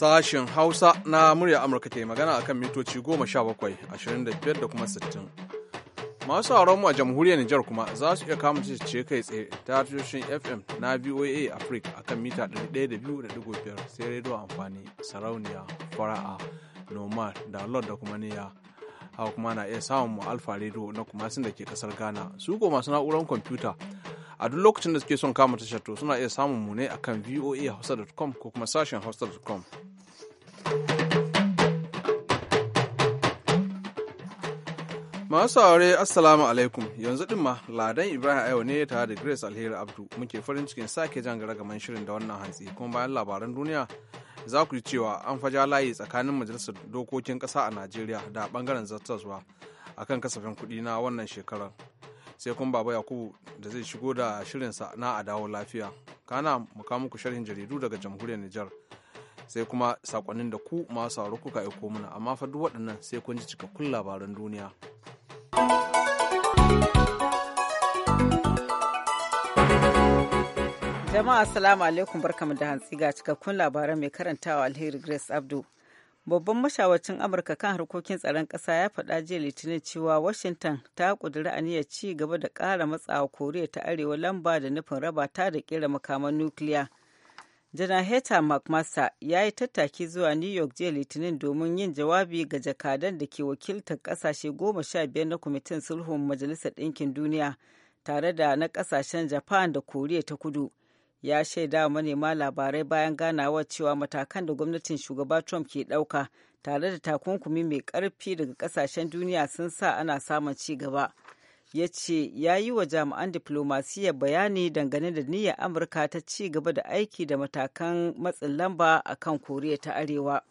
Sashen Hausa na murya Amurka ta yi magana a kan mitoci 17, 25 da kuma 60. Masu sauran mu a jamhuriyar Nijar kuma za su iya kama ce kai tsaye ta tashoshin FM na VOA Africa kan mita 102.5 sai rediyo amfani sarauniya fara'a noma da lord da kuma niya hawa kuma na iya samun mu alfa rediyo na kuma sun da ke kasar Ghana su masu na'urar kwamfuta a duk lokacin da suke son kama tashar to suna iya samun mu ne akan voahausa.com ko kuma sashen hausa.com masu saurare assalamu alaikum yanzu din ma ladan ibrahim ayo ne tare da grace alheri abdu muke farin cikin sake jan garagaman shirin da wannan hantsi kuma bayan labaran duniya za ku ji cewa an faja layi tsakanin majalisar dokokin kasa a najeriya da bangaren zartaswa akan kasafin kuɗi na wannan shekarar sai kun baba yakubu da zai shigo da shirinsa na a dawo lafiya kana mu muku sharhin jaridu daga jamhuriyar nijar sai kuma sakonnin da ku masu sauraro kuka aiko mana amma fa duk waɗannan sai kun ji cikakkun labaran duniya jama'a assalamu alaikum barkamu da hantsi ga cikakkun labaran mai karantawa alheri grace abdu babban mashawacin amurka kan harkokin tsaron ƙasa ya faɗa jiya litinin cewa washington ta ƙudiri aniyar ci gaba da ƙara matsawa koriya ta arewa lamba da nufin raba ta da ƙera makaman nukiliya jana heta mcmaster ya yi tattaki zuwa new york jiya litinin domin yin jawabi ga jakadan da ke wakiltar ƙasashe goma sha biyar na kwamitin sulhun majalisar ɗinkin duniya tare da na ƙasashen japan da koriya ta kudu ya shaida manema labarai bayan ganawa cewa matakan da gwamnatin shugaba Trump ke ɗauka tare da takunkumi mai ƙarfi daga ƙasashen duniya sun sa ana samun ci gaba. Ya ce ya yi wa jami'an diflomasiyya bayani dangane da niyyar Amurka ta ci gaba da aiki da matakan matsin lamba a kan Koriya ta Arewa.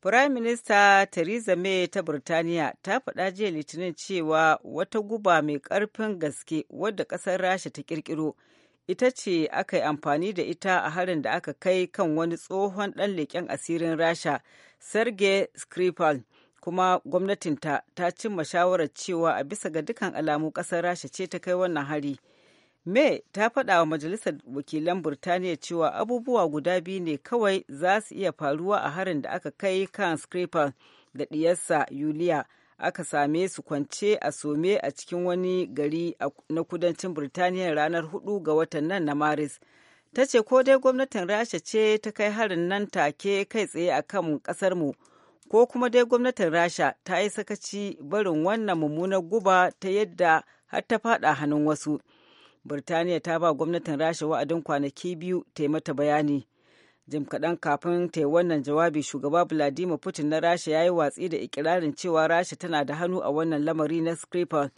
Prime Minista Theresa May ta Burtaniya ta faɗa jiya Litinin cewa wata guba mai ƙarfin gaske wadda ƙasar Rasha ta ƙirƙiro ita ce aka yi amfani da ita a harin da aka kai kan wani tsohon ɗan leƙen asirin rasha sergei skripal kuma gwamnatinta ta cimma shawarar cewa a bisa ga dukkan alamu ƙasar rasha ce ta kai wannan hari may ta faɗa wa majalisar wakilan burtaniya cewa abubuwa guda biyu ne kawai za su iya faruwa a harin da aka kai kan skripal da ɗiyarsa yuliya aka same su kwance a some a cikin wani gari na kudancin Birtaniya ranar hudu ga watan nan na Maris. Ta ce ko dai gwamnatin Rasha ce ta kai harin nan take kai tsaye a kan ƙasarmu, ko kuma dai gwamnatin Rasha ta yi sakaci barin wannan mummunar guba ta yadda har ta faɗa hannun wasu. Birtaniya ta ba gwamnatin Rasha wa'adin kwanaki biyu ta yi mata bayani. jim kaɗan kafin ta yi wannan jawabi shugaba vladimir putin na rasha ya yi watsi da ikirarin cewa rasha tana da hannu a wannan lamari na skripal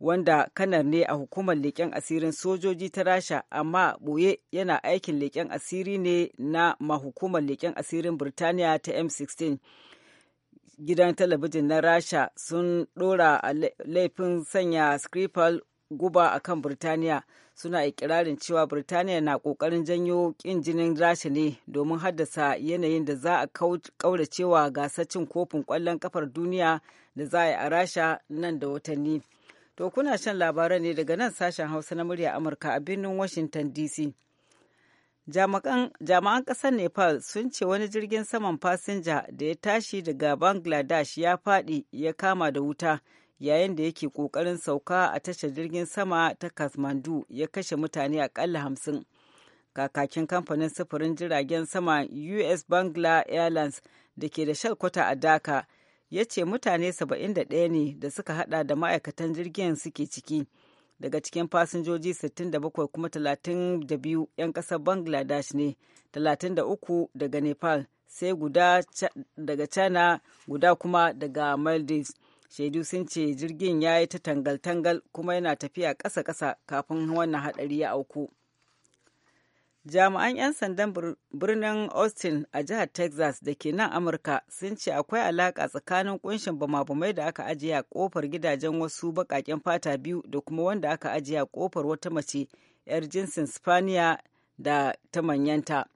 wanda kanar ne a hukumar leƙen asirin sojoji ta rasha amma ɓoye yana aikin leƙen asiri ne na hukumar leƙen asirin birtaniya ta m16 gidan talabijin na rasha sun ɗora laifin sanya skripal guba a kan Birtaniya suna ikirarin cewa Birtaniya na ƙoƙarin janyo ƙin jinin Rasha ne domin haddasa yanayin da za a ƙauracewa gasar cin kofin ƙwallon kafar duniya da za a yi a Rasha nan da watanni. To kuna shan labaran ne daga nan sashen Hausa na murya Amurka a birnin Washington DC. Jami'an ƙasar Nepal sun ce wani jirgin saman fasinja da ya tashi daga Bangladesh ya faɗi ya kama da wuta yayin da yake kokarin sauka a tashar jirgin sama ta kathmandu ya kashe mutane akalla hamsin kakakin kamfanin sufurin jiragen sama us bangla airlines da ke da shalkwata a daka ya ce mutane 71 ne da suka hada da ma'aikatan jirgin suke ciki daga cikin fasinjoji 67 kuma 32 'yan ƙasar bangladesh ne 33 daga nepal sai guda daga china guda kuma daga maldives shaidu sun ce jirgin ya yi ta tangal-tangal kuma yana tafiya ƙasa-ƙasa kafin wannan haɗari ya auku jami'an 'yan sandan birnin austin a jihar texas da ke nan amurka sun ce akwai alaƙa tsakanin kunshin bama da aka ajiye a ƙofar gidajen wasu baƙaƙen fata biyu da kuma wanda aka ajiye a ƙofar wata mace 'yar jinsin spaniya da ta manyanta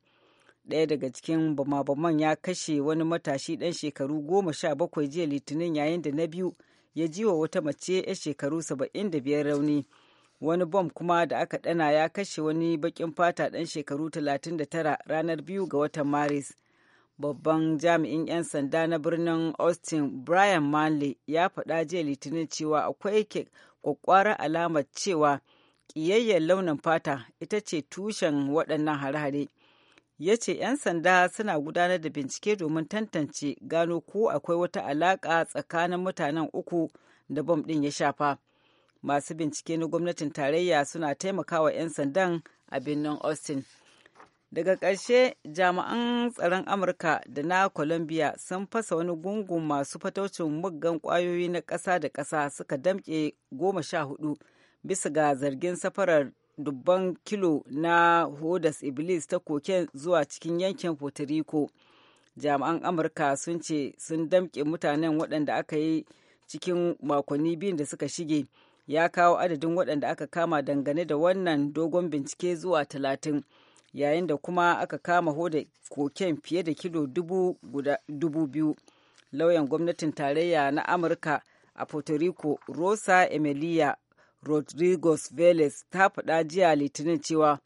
ɗaya daga cikin bama-baman ya kashe wani matashi ɗan shekaru goma sha bakwai jiya litinin yayin da na biyu ya ji wa wata mace 'yar shekaru saba'in da biyar rauni wani bom kuma da aka ɗana ya kashe wani baƙin fata ɗan shekaru talatin da tara ranar biyu ga watan maris babban jami'in 'yan sanda na birnin austin brian manley ya faɗa jiya litinin cewa akwai kwakwara alamar cewa ƙiyayyar launin fata ita ce tushen waɗannan hare-hare ya ce 'yan sanda suna gudanar da bincike domin tantance gano ko akwai wata alaƙa tsakanin mutanen uku da bom ɗin ya shafa masu bincike na gwamnatin tarayya suna taimakawa 'yan sandan a birnin austin daga ƙarshe jami'an tsaron amurka da na colombia sun fasa wani gungun masu fataucin muggan kwayoyi na ƙasa da ƙasa suka damƙe goma sha hudu bisa ga zargin safarar dubban kilo na hodas iblis ta koken zuwa cikin yankin puerto rico jami'an amurka sun ce sun damƙe mutanen waɗanda aka yi cikin makonni biyun da suka shige ya kawo adadin waɗanda aka kama dangane da wannan dogon bincike zuwa talatin yayin da kuma aka kama hoda koken fiye da kilo dubu, dubu biyu lauyan gwamnatin tarayya na amurka a puerto rico rosa emilia rodriguez velez ta faɗa jiya litinin cewa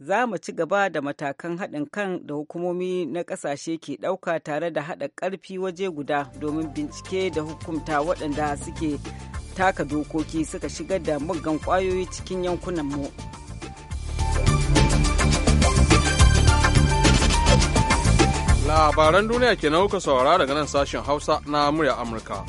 za mu ci gaba da matakan haɗin kan da hukumomi na ƙasashe ke ɗauka tare da haɗa ƙarfi waje guda domin bincike da hukumta waɗanda suke taka dokoki suka shigar da muggan ƙwayoyi cikin yankunan mu. Labaran duniya ke nauka saurara daga nan sashen Hausa na murya Amurka.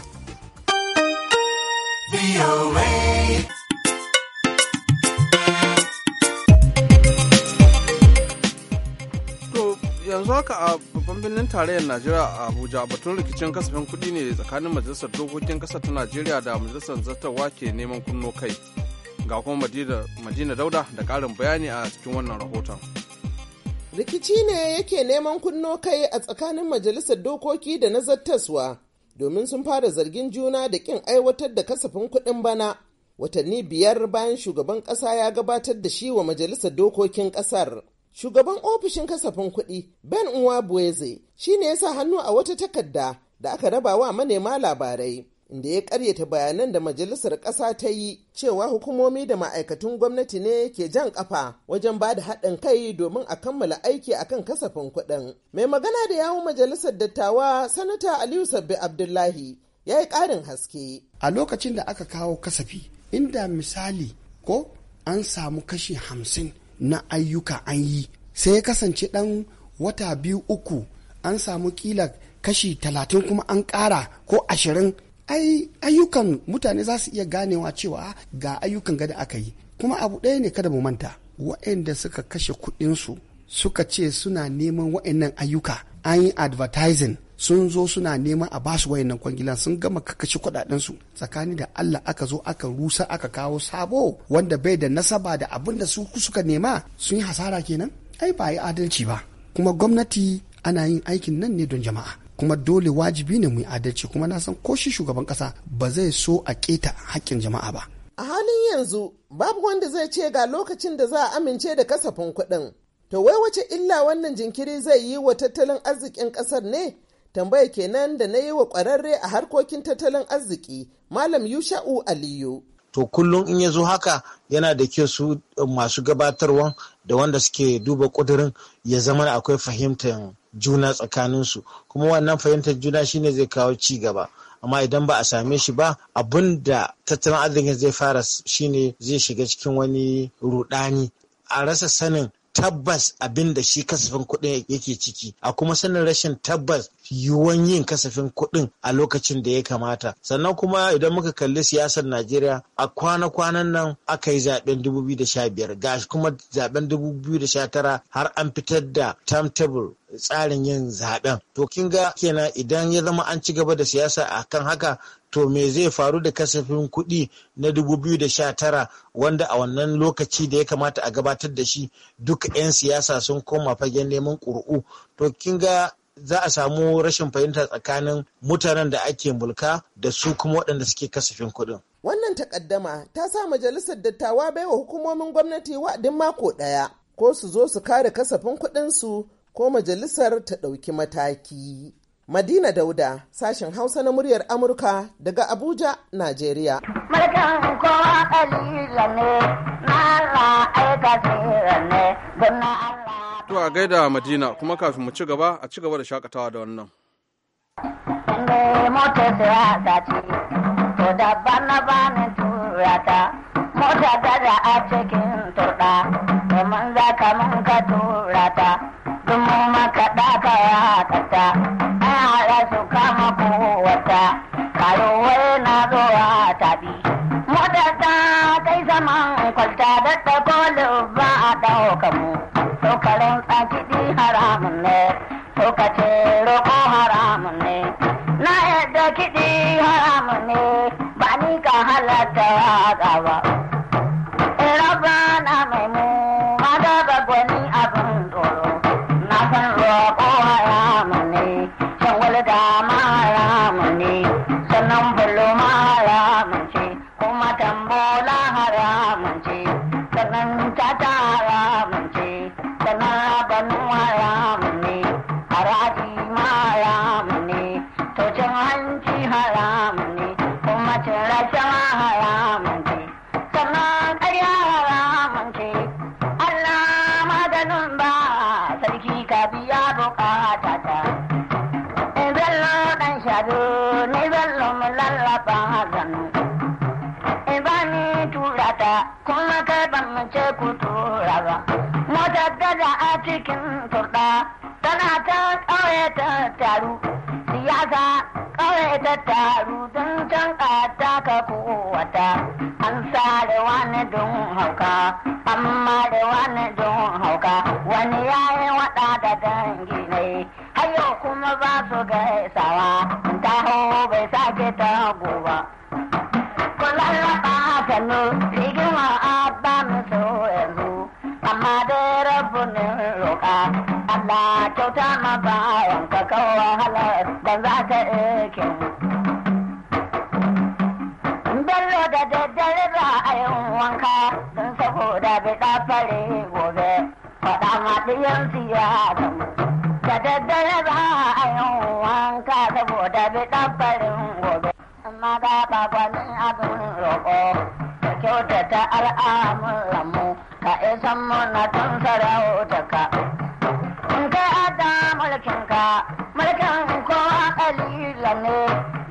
yanzu haka a babban birnin tarayyar najeriya a abuja batun rikicin kasafin kuɗi ne tsakanin majalisar dokokin Kasa ta najeriya da majalisar zartarwa ke neman kunno kai ga kuma madina dauda da ƙarin bayani a cikin wannan rahoton rikici ne yake neman kunno kai a tsakanin majalisar dokoki da na zattaswa domin sun fara zargin juna da ƙin aiwatar da kasafin kuɗin bana watanni biyar bayan shugaban ƙasa ya gabatar da shi wa majalisar dokokin ƙasar. Shugaban ofishin kasafin kuɗi Ben Nwabueze shi ne ya sa hannu a wata takarda da aka raba wa manema labarai. Inda ya karyata bayanan da majalisar ƙasa ta yi cewa hukumomi da ma'aikatun gwamnati ne ke jan ƙafa wajen ba da haɗin kai domin a kammala aiki a kan kasafin kuɗin. Mai magana da yawun majalisar dattawa Sanata Aliyu Sabbi Abdullahi ya yi ƙarin haske. A lokacin da aka kawo kasafi inda misali ko an samu kashi hamsin na ayyuka an yi sai ya kasance ɗan wata biyu uku an samu kila kashi talatin kuma an ƙara ko ashirin ayyukan mutane za su iya ganewa cewa ga ayyukan gada aka yi kuma abu ɗaya ne kada mu manta waɗanda suka kashe kuɗinsu suka ce suna neman waɗannan ayyuka an yi advertising sun zo suna nema a basu wayannan kwangila sun gama kakashi kudaden su tsakani da Allah aka zo aka rusa aka kawo sabo wanda bai da nasaba da abin da su suka nema sun yi hasara kenan ai ba yi adalci ba kuma gwamnati ana yin aikin nan ne don jama'a kuma dole wajibi ne mu yi adalci kuma na san ko shi shugaban kasa ba zai so a keta hakkin jama'a ba. A halin yanzu babu wanda zai ce ga lokacin da za a amince da kasafin kuɗin. To wai wace illa wannan jinkiri zai yi wa tattalin arzikin ƙasar ne tambaya kenan da na yi wa ƙwararre a harkokin tattalin arziki malam yusha'u aliyu to kullum in ya zo haka yana da kyau su eh, masu gabatarwan da wanda suke duba ƙudurin ya zama akwai fahimtar juna tsakaninsu kuma wannan fahimtar juna shine zai kawo ci gaba amma idan ba a same shi ba abin da tattalin arzikin zai fara shine zai shiga cikin wani rudani a rasa sanin tabbas abin da shi kasafin kuɗin yake ciki a kuma sanin rashin tabbas yiwuwan yin kasafin kuɗin a lokacin da ya kamata sannan kuma idan muka kalli siyasar najeriya a kwana-kwanan nan aka yi zaben 2015 ga kuma zaben 2019 har an fitar da timetable tsarin yin zaben to kin ga kenan idan ya zama an ci gaba da siyasa a kan haka to me zai faru da kasafin kuɗi na 2019 wanda a wannan lokaci da ya kamata a gabatar da shi duk 'yan siyasa sun koma fagen neman ƙuri'u to kin ga za a samu rashin fahimta tsakanin mutanen da ake mulka da su kuma waɗanda suke kasafin kuɗin. Wannan takaddama ta sa majalisar dattawa baiwa hukumomin gwamnati wa'adin mako ɗaya ko su zo su kare kasafin kuɗinsu ko majalisar ta ɗauki mataki. Madina Dauda, sashen Hausa na muryar Amurka daga Abuja, Najeriya. Mulkin To a gaida Madina kuma kafin mu ci gaba a ci gaba da shakatawa da wannan. mota ta to da bana bani mota ta a cikin turɗa, domin za ka mun ka turata. da taru don can ƙata ka kowata an da wani don hauka amma da wani don hauka wani ya yi waɗa da dangi ne hayo kuma ba su gaisawa ta hau bai sake ta ba kullum ba kano rigima mu so yanzu amma dai rabunin roƙa Allah kyauta ma bayan ka kawo halar ban za ka iya da yan siyasa da daddare za a yi wanka saboda bi farin gobe amma ga babanin abin roƙo da kyautata mu. ka isan muna tun sarautaka in ka ada mulkinka mulkin ko ƙalilan ne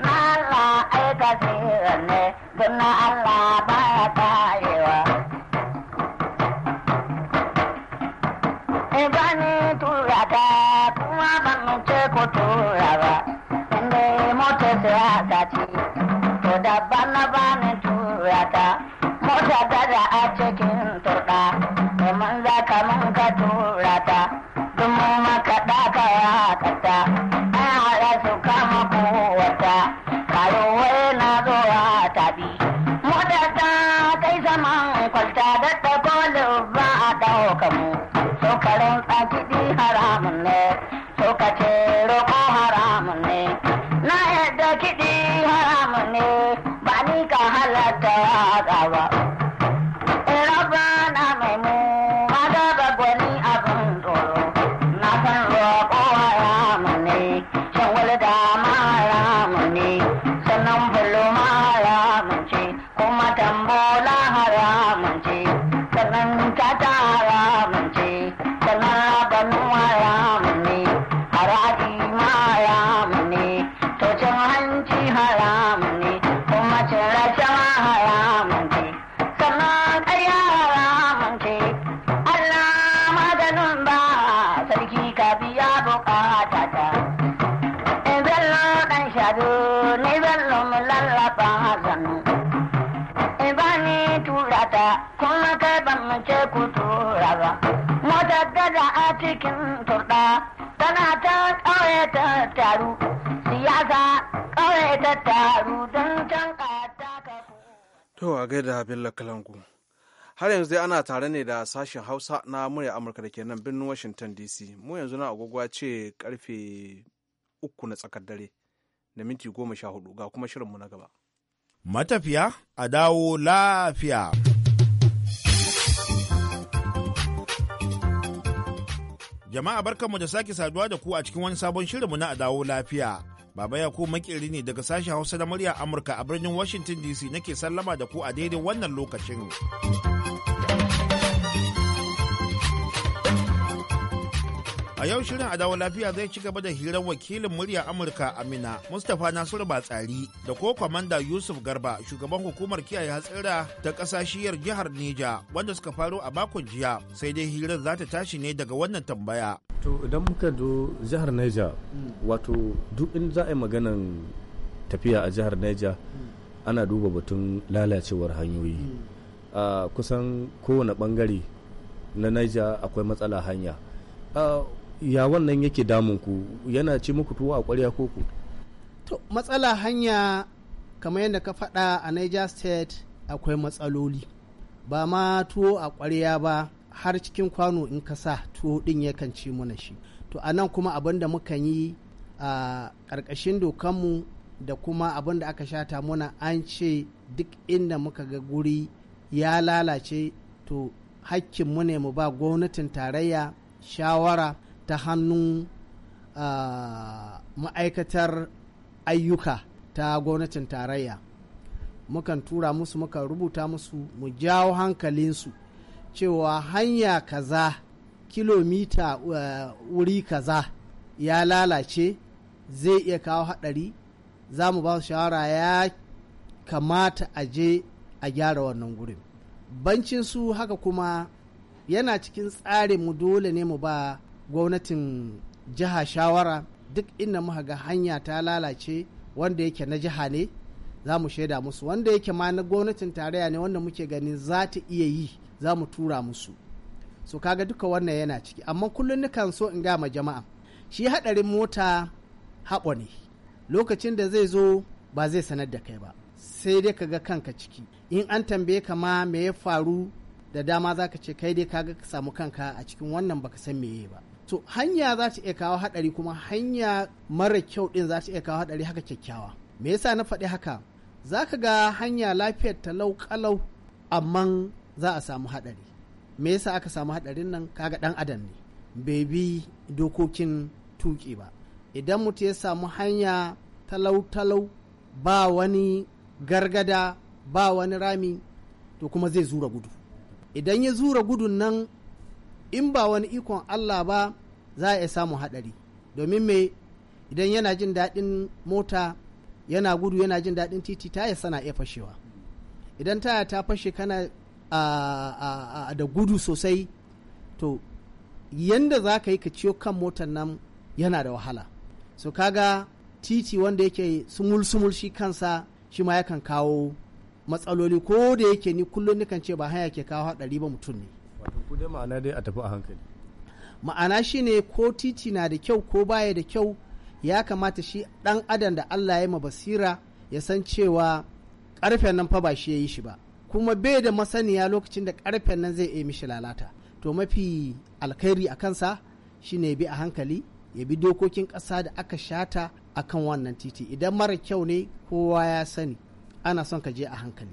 na Allah aika siran ne don na Allah gaida Bello Kalangu. Har yanzu dai ana tare ne da sashen Hausa na murya Amurka da ke nan birnin Washington DC. Mu yanzu na agogwa ce karfe uku na tsakar dare da minti goma sha hudu ga kuma shirinmu na gaba. Matafiya a dawo lafiya. Jama'a barkanmu da sake saduwa da ku a cikin wani sabon shirinmu na a dawo lafiya. Baba Yakubu makeri ne daga sashen Hausa na murya Amurka a birnin Washington DC nake sallama da ku a daidai wannan lokacin. A yau shirin adawa lafiya zai ci gaba da hirar wakilin murya Amurka Amina Mustapha Nasiru Batsari da ko kwamanda Yusuf Garba shugaban hukumar kiyaye hatsira ta kasashiyar jihar Neja wanda suka faro a bakon jiya sai dai hirar za ta tashi ne daga wannan tambaya. To idan muka zo jihar Neja wato duk in za a yi maganan tafiya a jihar Neja ana duba batun lalacewar hanyoyi. A kusan kowane bangare na Neja akwai matsala hanya. ya wannan yake damun ku yana ci muku tuwo a ƙwarya ko ku to matsala hanya kamar yadda ka faɗa a niger state akwai matsaloli ba ma tuwo a ƙwarya ba har cikin kwano in ka sa tuwo ɗin yakan ci mana shi to a nan kuma abin da muka yi a ƙarƙashin dokanmu da kuma abin da aka shata muna an ce duk inda muka ga guri ya lalace to hakkinmu ne mu ba gwamnatin tarayya shawara ta hannun ma'aikatar ayyuka ta gwamnatin tarayya mukan tura musu muka rubuta musu mu jawo hankalinsu cewa hanya kaza kilomita wuri kaza ya lalace zai iya kawo haɗari za mu ba shawara ya kamata a je a gyara wannan gurin bancin su haka kuma yana cikin tsarin mu dole ne mu ba gwamnatin jiha shawara duk inda muka ga hanya ta lalace wanda yake na jiha ne za mu shaida musu wanda yake ma na gwamnatin tarayya ne wanda muke ganin za ta iya yi za mu tura musu so kaga duka wannan yana ciki amma kullum nukan so in gama jama'a shi hadarin mota haɓo ne lokacin da zai zo ba zai sanar da kai ba sai dai ka ga kanka ciki in an tambaye ka ma me ya faru da dama za ka ce kai dai ka ga samu kanka a cikin wannan baka san meye ba to hanya za ta iya kawo haɗari kuma hanya mara kyau ɗin za ta iya kawo haɗari haka kyakkyawa me yasa na faɗi haka za ka ga hanya lafiyar talau kalau amma za a samu haɗari me yasa aka samu haɗarin nan kaga ɗan adam ne bai bi dokokin tuƙi ba idan mutum ya samu hanya talau-talau ba wani gargada ba wani rami to kuma zai zura gudu idan ya zura gudun nan in ba wani ikon Allah ba za a samu haɗari domin me idan yana jin daɗin mota yana gudu yana jin daɗin titi taya sana iya fashewa idan taya ta fashe kana da gudu sosai to yanda za ka yi ka ciyo kan motar nan yana da wahala so kaga titi wanda yake sumul-sumul shi kansa shi ma yakan kawo matsaloli ko da yake ni kullum nikan ce ba hanya ke kawo haɗari ba mutum ne ma'ana dai a shine ko titi na da kyau ko baya da kyau ya kamata shi dan adam da Allah ya ma basira ya san cewa karfen nan fa ba shi ya yi shi ba kuma bai da masaniya lokacin da karfen nan zai iya mishi lalata to mafi alkhairi a kansa shine bi a hankali ya bi dokokin ƙasa da aka shata a kan wannan titi idan mara kyau ne kowa ya sani ana son ka je a hankali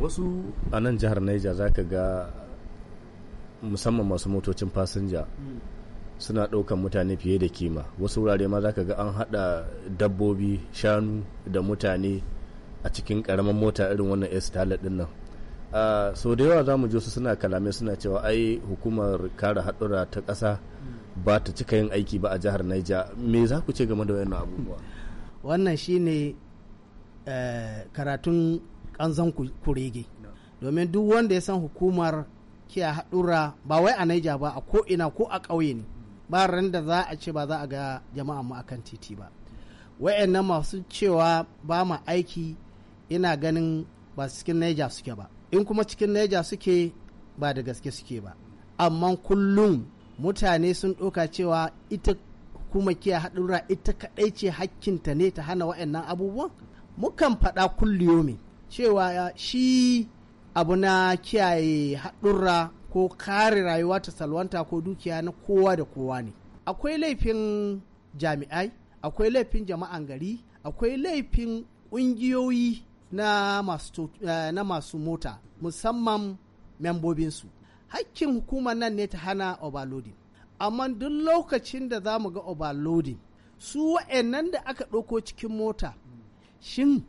wasu a nan jihar Niger za ka ga musamman masu motocin fasinja suna ɗaukan mutane fiye da kima wasu wurare ma za ka ga an haɗa dabbobi shanu da mutane a cikin ƙaramin mota irin wannan estala ɗin nan sau da yawa za mu su suna kalame suna cewa ai hukumar kare haɗura ta ƙasa ba ta cika yin aiki ba a jihar naija me za ku ce game da wani abubuwa wannan shine eh, karatun ƙanzan kurege domin duk wanda ya san hukumar kiya haɗura ba wai a naija ba a ko'ina ko a ƙauye ne ba ran da za a ce ba za a ga jama'a mu akan titi ba wa'annan masu cewa ba ma aiki ina ganin ba cikin naija suke ba in kuma cikin naija suke ba da gaske suke ba amma kullum mutane sun ɗauka cewa ita kuma kiya haɗura ita kaɗai ce hakkinta ne ta hana wa'annan abubuwan mukan faɗa kulliyomi cewa shi abu na kiyaye haɗurra ko kare rayuwa ta salwanta ko dukiya na kowa da kowa ne akwai laifin jami'ai akwai laifin jama'an gari akwai laifin ƙungiyoyi na masu, eh, mota musamman membobinsu hakkin hukumar nan ne ta hana overloading amma duk lokacin da za mu ga overloading su wa'annan da aka ɗauko cikin mota shin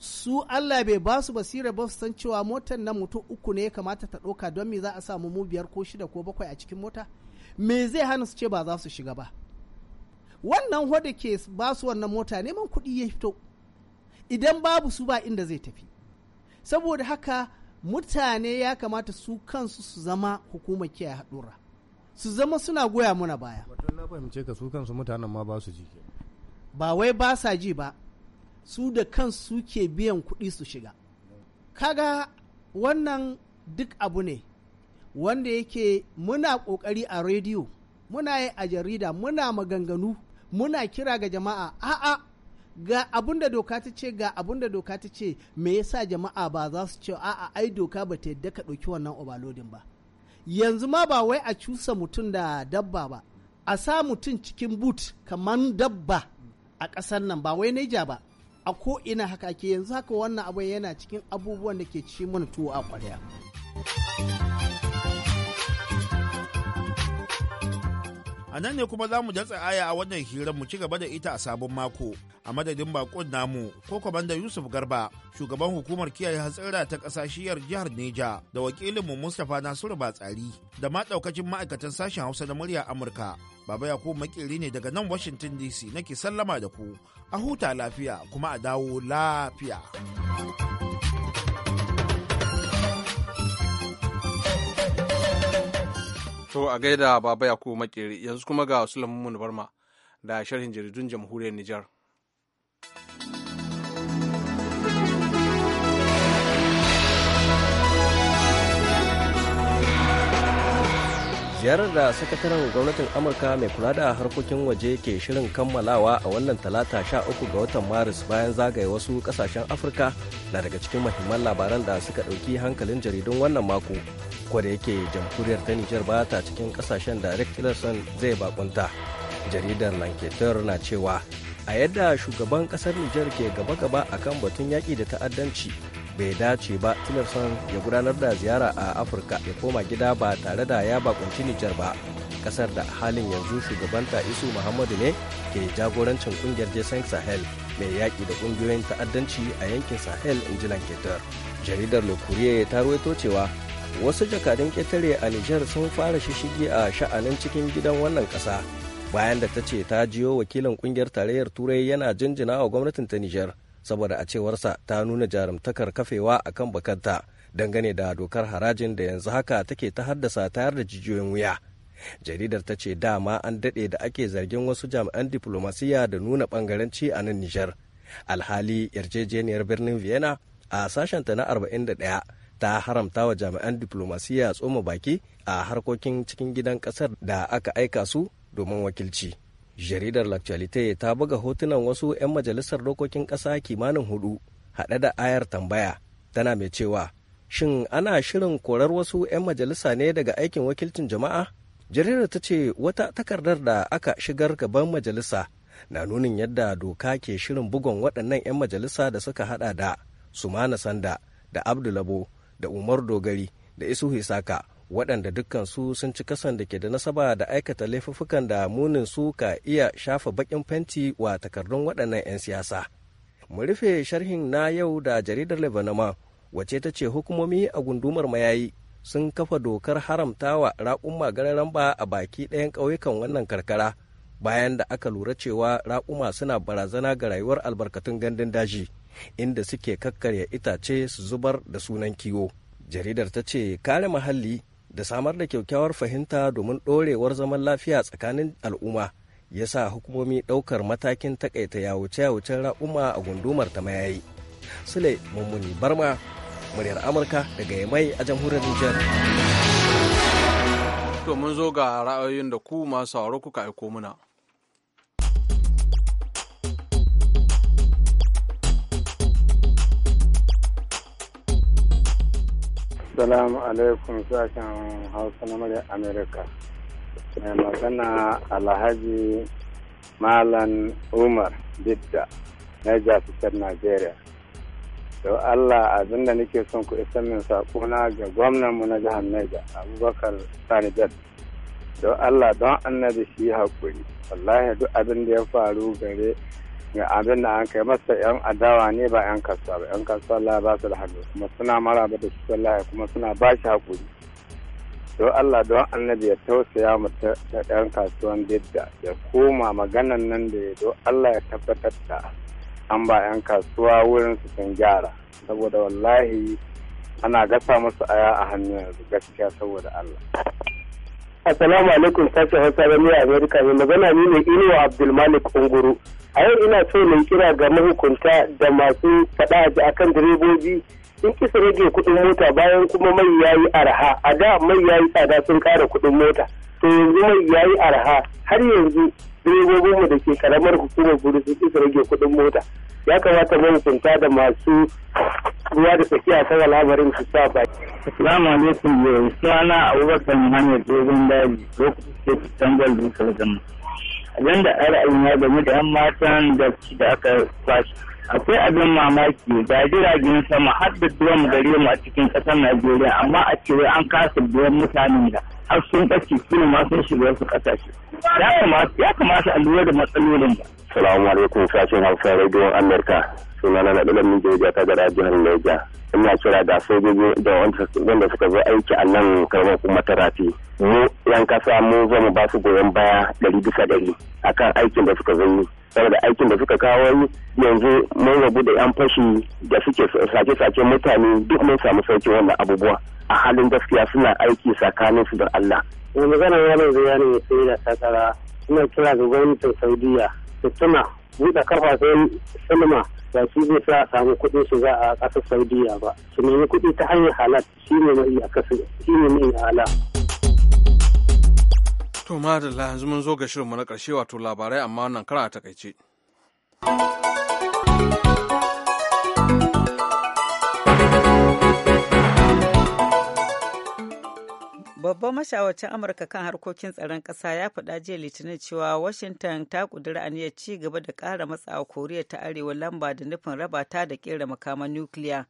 su Allah bai ba su basira ba su san cewa motar nan mutum uku ne ya kamata ta ɗauka don me za a samu mu biyar ko shida ko bakwai a cikin mota me zai hana su ce ba za su shiga ba wannan hoda ke ba su wannan mota neman kuɗi ya fito idan babu su ba inda zai tafi saboda haka mutane ya kamata su kansu su zama hukumar kiyaye haɗura su zama suna goya muna baya. na fahimce ka su mutanen ma ba su ji. Ba wai ba sa ji ba, su da kansu ke biyan kuɗi su shiga kaga wannan duk abu ne wanda yake muna ƙoƙari a rediyo muna yi a jarida muna maganganu muna kira ga jama'a a'a ga abun da doka ta ce ga abun da doka ta ce me yasa jama'a ba za su ce a'a ai doka ba ta yadda ka ɗauki wannan obalodin ba yanzu ma ba wai a cusa mutum da dabba ba a sa mutum cikin but kamar dabba a ƙasar nan ba wai naija ba a ko ina haka ke yanzu haka wannan abin yana cikin abubuwan da ke ci mana tuwo a kwarya. A nan ne kuma za mu datsa aya a wannan hirar mu ci gaba da ita a sabon mako. A madadin bakon namu ko kwamanda Yusuf Garba, shugaban hukumar kiyaye hatsira ta kasashiyar jihar Neja da wakilinmu Mustapha Nasiru Batsari da ma daukacin ma'aikatan sashen Hausa na murya Amurka. Baba Yakubu makiri ne daga nan Washington DC nake sallama da ku. A huta lafiya kuma a dawo lafiya. To a gaida Baba Yakubu Makeri yanzu kuma ga Sulaiman Barma da sharhin jaridun jamhuriyar Nijar. ziyarar da sakataren gwamnatin amurka mai kula da harkokin waje ke shirin kammalawa a wannan talata sha uku ga watan maris bayan zagaye wasu kasashen afirka na daga cikin mahimman labaran da suka ɗauki hankalin jaridun wannan mako da yake jamhuriyar ta nijar ba ta cikin kasashen da rick tillerson zai bakunta jaridar lanketer na cewa a yadda shugaban kasar nijar ke gaba-gaba akan batun yaƙi da ta'addanci bai dace ba son ya gudanar da ziyara a afirka ya koma gida ba tare da ya bakunci nijar ba kasar da halin yanzu shugabanta isu muhammadu ne ke jagorancin kungiyar jason sahel mai yaƙi da ƙungiyoyin ta'addanci a yankin sahel in ji lanketar jaridar lokuriya ta ruwaito cewa wasu jakadun ƙetare a nijar sun fara shishigi a sha'anin cikin gidan wannan ƙasa bayan da ta ce ta jiyo wakilin ƙungiyar tarayyar turai yana jinjina wa gwamnatin ta nijar saboda a cewarsa ta nuna jarumtakar kafewa a kan bakanta dangane da dokar harajin da yanzu haka take ta haddasa tayar da jijiyoyin wuya jaridar ta ce dama an daɗe da ake zargin wasu jami'an diplomasiya da nuna ɓangaranci a nan nijar alhali yarjejeniyar birnin vienna a sashenta na 41 ta haramta wa jami'an diplomasiya tsoma baki a harkokin cikin gidan ƙasar da aka aika su domin wakilci. jaridar l'actualite ta buga hotunan wasu 'yan majalisar dokokin ƙasa kimanin hudu haɗe da ayar tambaya tana mai cewa shin ana shirin korar wasu 'yan majalisa ne daga aikin wakilcin jama'a jaridar ta ce wata takardar da aka shigar gaban majalisa na nunin yadda doka ke shirin bugon waɗannan 'yan majalisa da suka haɗa da sumana sanda da abdulabo da umar dogari da isu hisaka waɗanda dukkansu sun ci kasan da ke da nasaba da aikata laifuffukan da munin su ka iya shafa baƙin fenti wa takardun waɗannan 'yan siyasa. Mu rufe sharhin na yau da jaridar Lebanama, wace ta ce hukumomi a gundumar mayayi sun kafa dokar haramtawa raƙuma gararan ba a baki ɗayan ƙauyukan wannan karkara bayan da aka lura cewa raƙuma suna barazana ga rayuwar albarkatun gandun daji inda suke kakkarya itace su zubar da sunan kiwo jaridar ta ce kare muhalli da samar da kyakkyawar fahimta domin ɗorewar zaman lafiya tsakanin al'umma ya sa hukumomi ɗaukar matakin takaita yawuce-yawucen ra'umma a gundumar ta mayayi. Sule Mummuni Barma, muryar Amurka daga Yamai a jamhuriyar Nijar. To mun zo ga ra'ayoyin da ku masu sauraro kuka aiko muna. Assalamu alaikum sashen Hausa na murya Amerika. Mai magana Alhaji Malam Umar Bidda na Jafitar Najeriya. Yau Allah abin da nake son ku isa min saƙona ga gwamnanmu na jihar Niger Abubakar Sani Jad. Yau Allah don annabi shi hakuri, Wallahi duk abin da ya faru gare ya abin da an kai masa yan adawa ne ba yan kasuwa ba yan kasuwa la ba su da hannu kuma suna maraba da shi wallahi kuma suna ba shi hakuri to Allah don annabi ya tausaya mu ta yan kasuwan bidda ya koma maganan nan da ya don Allah ya tabbatar da an ba yan kasuwa wurin su sun gyara saboda wallahi ana gasa musu aya a hannu yanzu gaskiya saboda Allah Assalamu alaikum sashen Hausa da Amerika ne magana ne mai Inuwa Abdulmalik Unguru. a yau ina so mai kira ga mahukunta da masu faɗa a akan direbobi sun kisa rage kuɗin mota bayan kuma mai yayi arha a da mai yayi tsada sun ƙara kuɗin mota to yanzu mai yayi arha har yanzu direbobin mu da ke karamar hukumar gudu sun kisa rage kuɗin mota ya kamata mahukunta da masu ruwa da tsakiya ta labarin su sa ba. Assalamu alaikum yau sunana Abubakar Muhammad Dogon Daji lokacin da Tangal Dukal Jama'a. abin da ra'ayi na game da 'yan matan da da aka kwashe akwai abin mamaki ga jiragen sama har da duwan gare mu a cikin ƙasar najeriya amma a cewa an kasa duwan mutanen da har sun ɓace su ma sun shiga wasu ƙasashe ya kamata a lura da matsalolin ba. salamu alaikum sashen hausa rediyon amurka suna na naɗa lamin jirgin ta gara jihar Niger. Ina kira da sojoji da wanda suka zo aiki a nan karamar kuma ta rafi. Mu yan kasa mu zo mu ba su goyon baya ɗari bisa ɗari akan aikin da suka zai yi. Saboda aikin da suka kawo yanzu mun rabu da yan fashi da suke sake sace mutane duk mun samu sauƙin wannan abubuwa. A halin gaskiya suna aiki su da Allah. Mai magana yaron zai yana ya sai da takara. Ina kira ga gwamnatin Saudiya. Su tuna buɗe kafafen sinima ba shi zai sa samu kuɗin su za a ƙasar saudiya ba su nemi kuɗi ta hanyar halal shi ne mai a akasi shi ne mai ala. to madalla yanzu mun zo ga shirinmu na ƙarshe wato labarai amma wannan kara a takaice. Babban mashawarcin Amurka kan harkokin tsaron ƙasa ya faɗa jiya Litinin cewa Washington ta ƙudiri aniyar ci gaba da ƙara matsawa Koriya ta Arewa lamba da nufin raba ta da ƙera makaman nukiliya.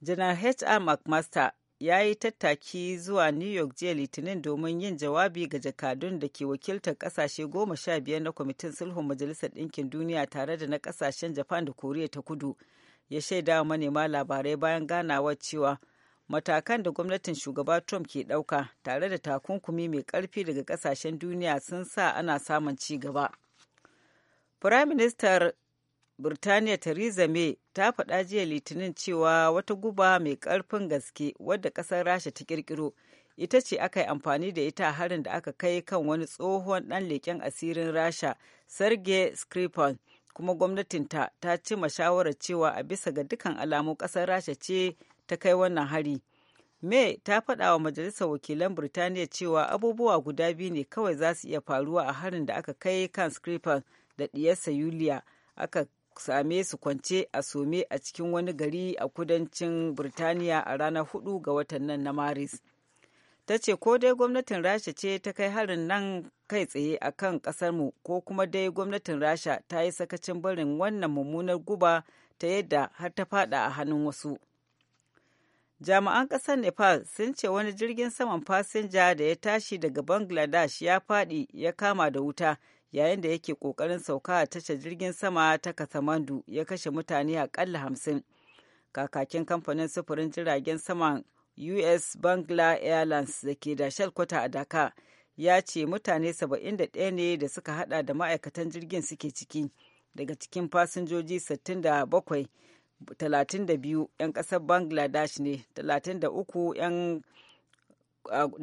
Janar H.R. McMaster ya yi tattaki zuwa New York jiya Litinin domin yin jawabi ga jakadun da ke wakiltar ƙasashe goma sha biyar na Kwamitin Sulhun Majalisar Ɗinkin Duniya tare da na ƙasashen Japan da Koriya ta Kudu. Ya shaida manema labarai bayan ganawar cewa matakan da gwamnatin shugaba trump ke ɗauka tare da takunkumi mai ƙarfi daga ƙasashen duniya sun sa ana samun ci gaba firaministar birtaniya theresa may ta faɗa jiya litinin cewa wata guba mai ƙarfin gaske wadda ƙasar rasha ta ƙirƙiro ita ce aka yi amfani da ita harin da aka kai kan wani tsohon ɗan leƙen asirin rasha sergei skripal kuma gwamnatinta ta cima shawarar cewa a bisa ga dukkan alamu ƙasar rasha ce ta kai wannan hari may ta faɗa wa majalisar wakilan birtaniya cewa abubuwa guda biyu ne kawai za su iya faruwa a harin da aka kai kan skripal da ɗiyarsa yuliya aka same su kwance a some a cikin wani gari a kudancin birtaniya a ranar hudu ga watan nan na maris ta ce ko dai gwamnatin rasha ce ta kai harin nan kai tsaye a kan ƙasarmu ko kuma dai gwamnatin rasha ta yi sakacin barin wannan mummunar guba ta yadda har ta fada a hannun wasu jami'an ƙasar nepal sun ce wani jirgin saman fasinja da ya tashi daga bangladesh ya faɗi ya kama da wuta yayin da yake ƙoƙarin sauka a tashar jirgin sama ta kasamandu ya kashe mutane aƙalla hamsin kakakin kamfanin sufurin jiragen saman us bangla airlines da ke da shalkwata a daka ya ce mutane 71 ne da suka hada da ma'aikatan jirgin suke ciki daga cikin fasinjoji 67 32 'yan kasar bangladesh ne 33 'yan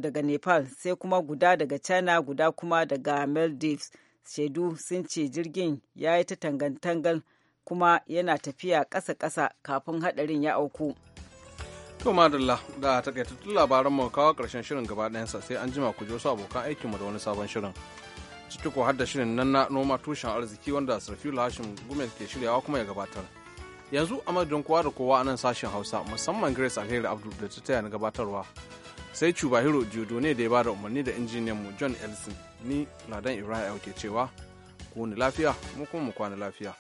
daga nepal sai kuma guda daga china guda kuma daga maldives shaidu sun ce jirgin ya yi ta tangantangal kuma yana tafiya ƙasa-ƙasa kafin haɗarin ya auku to madalla da takaitattun labaran mu kawo ƙarshen shirin gaba ɗayansa sai an jima ku ji wasu abokan mu da wani sabon shirin ciki ko har shirin nan na noma tushen arziki wanda sarfilu hashim gumel ke shiryawa kuma ya gabatar yanzu a madadin kowa da kowa a nan sashen hausa musamman grace alheri abdul da ta taya na gabatarwa sai cubahiro jodo ne da ya ba da umarni da injiniyanmu john elson ni ladan ibrahim ke cewa ku ni lafiya mu kuma mu kwana lafiya